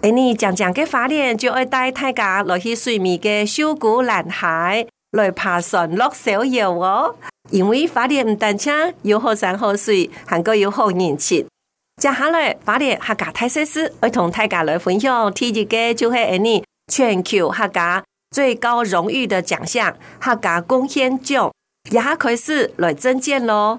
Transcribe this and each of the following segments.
誒、欸，你漸漸個發現就會帶大家來去水面的小古男孩，來爬山落小游哦。因為發現唔但止有好山好水，還過有，有好人情。接下來發現客家特色書，會同大家來分享。第一個就係誒你全球客家最高榮譽的獎項，客家貢獻獎，也可開始來徵件咯。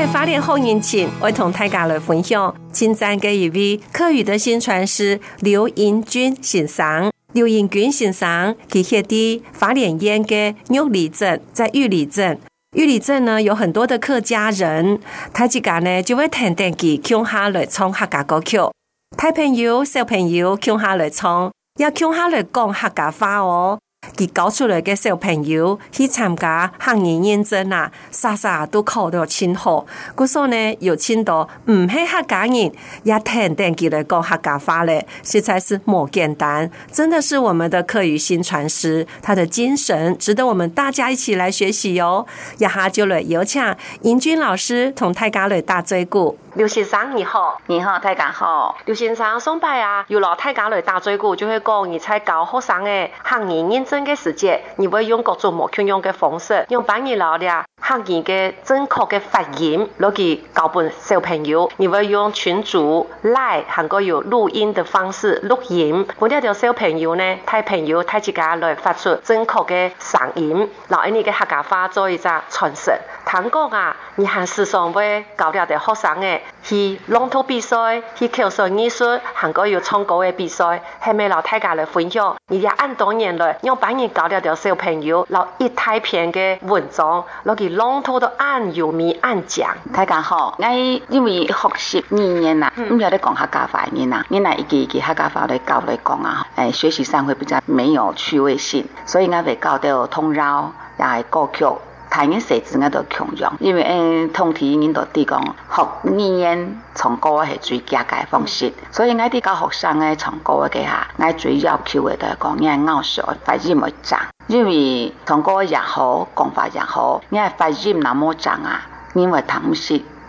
在花蓮後年前，我同大家來分享青山嘅一位客語的薪傳師劉銀軍先生。劉銀軍先生喺下底花蓮縣，嘅玉里鎮，在玉里鎮，玉里鎮呢有很多的客家人，大家呢就會聽聽佢腔下來唱客家歌曲。大朋友、小朋友腔下來唱，要腔下來講客家話哦。佢教出來的小朋友去參加客語認證啊，沙沙都考到清華。古、就是、說呢有千多唔係客家人，也聽等佢來講客家話咧，實在是莫簡單。真的是我們的客語薪傳師，他的精神值得我們大家一起來學習喲、哦。一、啊、下就來有請英軍老師同太家來打嘴鼓。劉先生你好，你好太家好。劉先生雙拜啊，有了太家來打嘴鼓，就會講現在教學生嘅客語認。整個世界，你會用各種莫同樣的方式，用板二老啲學員的、正確的，的發音攞佢教伴小朋友；你會用群主來，喊個用錄音的方式錄音，為了條小朋友呢，大朋友、大姐家來發出正確的嗓音，攞呢啲嘅客家話做一個傳承。聽講啊，而喺市上會搞了嘅學生嘅去朗讀比賽，去口述藝術，喊個要唱歌的比賽，還咪老太家來分享？而家按當年來用。把你搞了條小朋友，攞一大篇嘅文章，攞佢籠統都按由面按講。大、嗯、家好，哎，因為學習語言啦，唔曉得講客家話呢啦，你那一件一個客家話嚟教嚟講啊，哎，學習上會比較沒有趣味性，所以 𠊎 會搞到通繞，也係歌曲。睇緊寫字我都強養，因為誒通體人都啲講學語言唱歌係最佳嘅方式，所以我哋教學生嘅唱歌嘅話，我最要求嘅就係講你咬舌發音唔準，因為唱歌也好講法也好，你發音那麼準啊，因為吞唔住。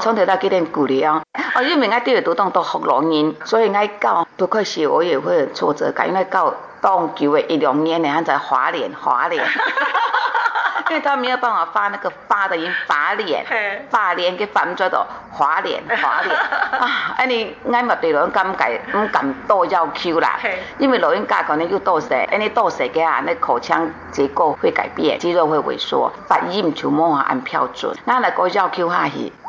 從造到幾點過了啊？哦，因為俺對有獨當到好老人，所以愛教多虧些，我也會挫折。因為教當久誒一兩年，然後再滑臉滑臉， 因為他沒有辦法發那個發的音發臉，發臉給發唔出到滑臉滑臉。 啊，誒你俺勿對老人教唔敢唔敢多要求啦，因為老人家可能要多食，誒你多食嘅啊，你，你那口腔結構會改變，肌肉會萎縮，發音就無法按標準。那來個要求哈是？